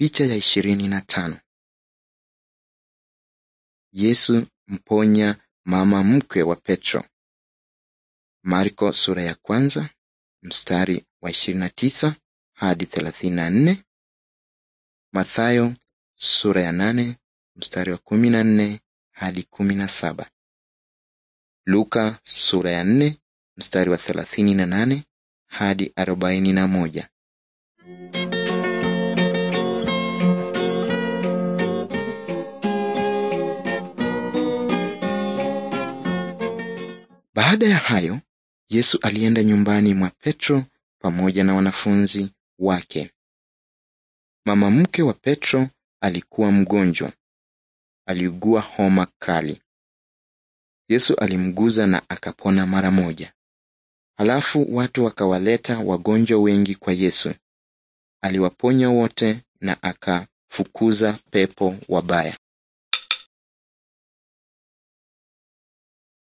Picha ya ishirini na tano Yesu mponya mama mkwe wa Petro. Marko sura ya kwanza mstari wa ishirini na tisa hadi thelathini na nne Mathayo sura ya nane mstari wa kumi na nne hadi kumi na saba Luka sura ya nne mstari wa thelathini na nane hadi arobaini na moja Baada ya hayo, Yesu alienda nyumbani mwa Petro pamoja na wanafunzi wake. Mama mke wa Petro alikuwa mgonjwa. Aliugua homa kali. Yesu alimguza na akapona mara moja. Halafu watu wakawaleta wagonjwa wengi kwa Yesu. Aliwaponya wote na akafukuza pepo wabaya.